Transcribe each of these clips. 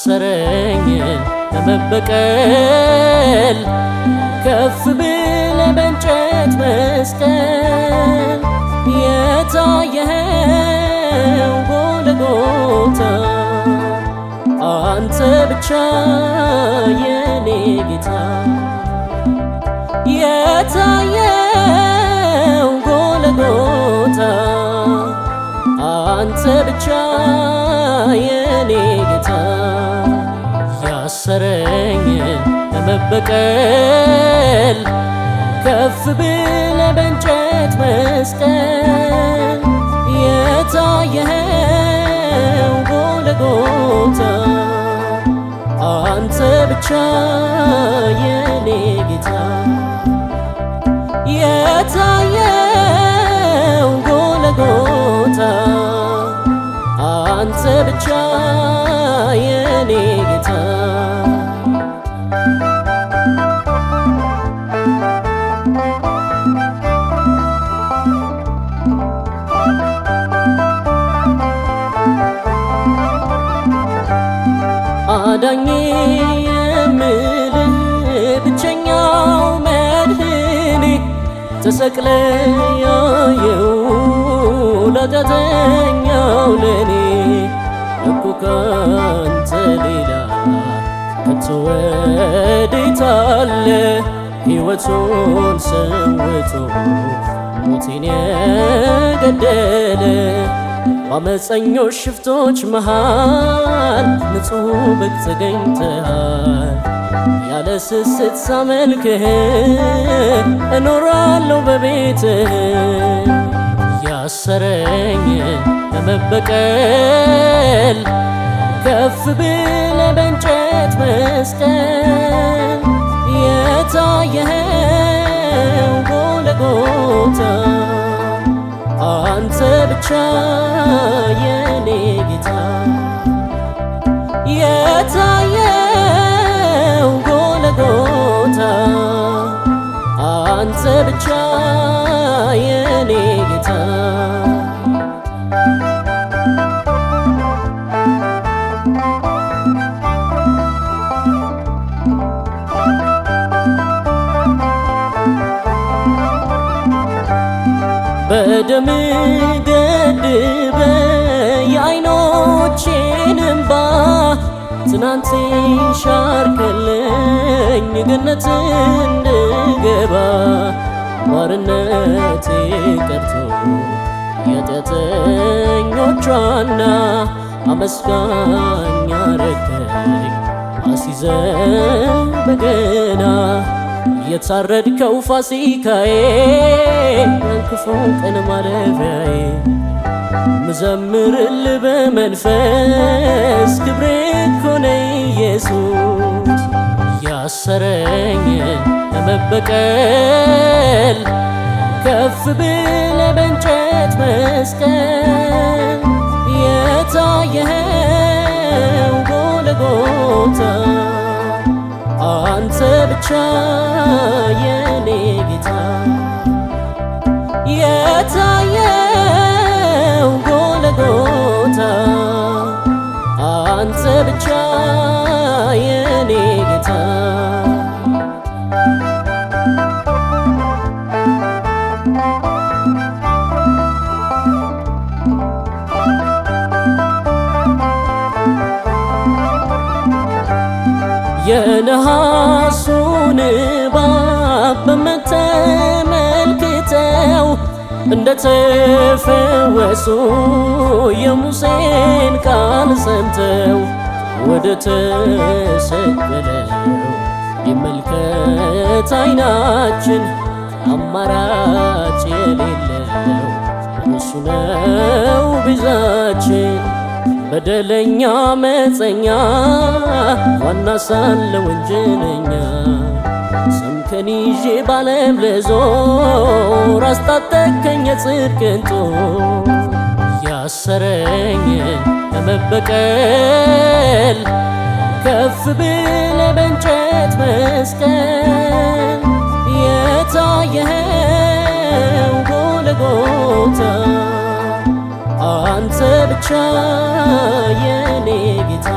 ሰረኝ ለመበቀል ከፍ ብለ በእንጨት መስቀል የታየኸው ጎልጎታ አንተ ብቻ የኔ ጌታ በቀል ከፍ ብለ በእንጨት መስቀል የታየኸው ጎልጎታ አንተ ብቻ ብቸኛው መድህኔ ተሰቅለ ያየው ላዳተኛው ለኔ እኩ ካንተ ሌላ ከቶ ወዴት ሕይወቱን ሰውቶ ሞቴን የገደለ በአመፀኞች ሽፍቶች መሃል ንጹሕ በግ ተገኝተሃል ያለ ስስት ሳመልክህ እኖራለሁ በቤትህ ያሰረኝ ለመበቀል ከፍ ብለ በእንጨት መስቀል የታየኸው ጎልጎታ አንተ ብቻ የኔ ጌታ በደም ገድበ የአይኖቼን እንባ ትናንቴን ሻርከለኝ ገነት እንድገባ ባርነቴ ቀርቶ የኃጢአተኞቿና አመስጋኛ አረከኝ አሲዘ በገ የታረድከው ፋሲካዬ ያን ክፉ ቀን ማለፊያዬ ምዘምርል በመንፈስ ክብሬ ኮነ ኢየሱስ ያሰረኝን ለመበቀል ከፍ ብለ በእንጨት መስቀል የታየኸው ጎልጎታ አንተ ብቻ የኔ ጌታ የታየ የነሐሱን እባብ በመተመልክተው እንደተፈወሱ የሙሴን ቃል ሰምተው ወደ ተሰቀለው ይመልከት አይናችን አማራጭ የሌለው እሱ ነው ቤዛችን በደለኛ መፀኛ ዋና ሳለ ወንጀለኛ ስምከን ይዤ ባለም ለዞር አስታጠከኝ የጽድቅን ጦር ለመበቀል ከፍ ብለ በእንጨት መስቀል አንተ ብቻ የኔ ጌታ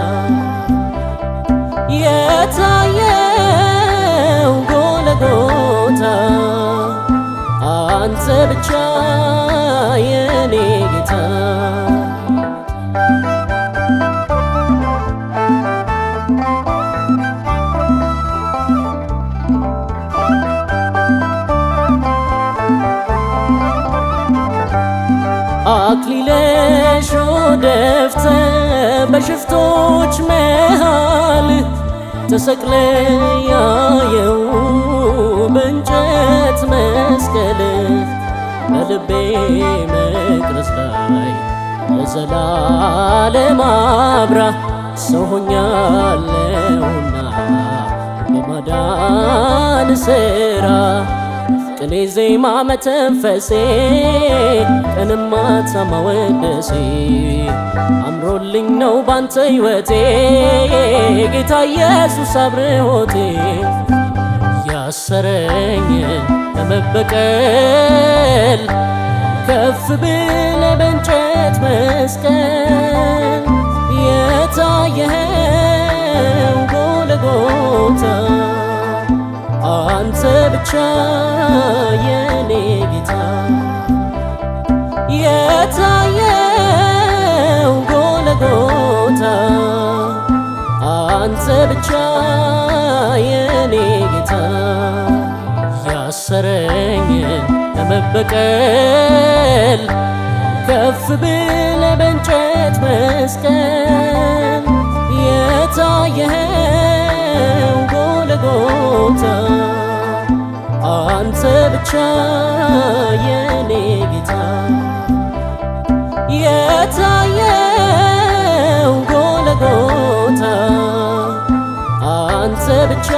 አክሊለሽ ደፍተ በሽፍቶች መሃል ተሰቅለ ያየው በእንጨት መስቀል በልቤ መቅረስ ላይ ለዘላለም አብራ ሰው ሆኛለሁና በማዳን ስራ ቅኔ ዜማ መተንፈሴ ቀንም ማታ ማወደሴ አምሮልኝ ነው ባንተ ሕይወቴ ጌታ ኢየሱስ አብርሆቴ ያሰረኝን ለመበቀል ከፍ ብለ በእንጨት መስቀል የታየኸው ጎልጎታ አንተ ብቻ የኔ ጌታ የታየው ጎለጎታ አንተ ብቻ የኔ ጌታ ያሰረኝ ለመበቀል ከፍ ብለህ በእንጨት መስቀል የታየው አንተ ብቻ የኔ ጌታ የታየው ጎለጎታ አንተ ብቻ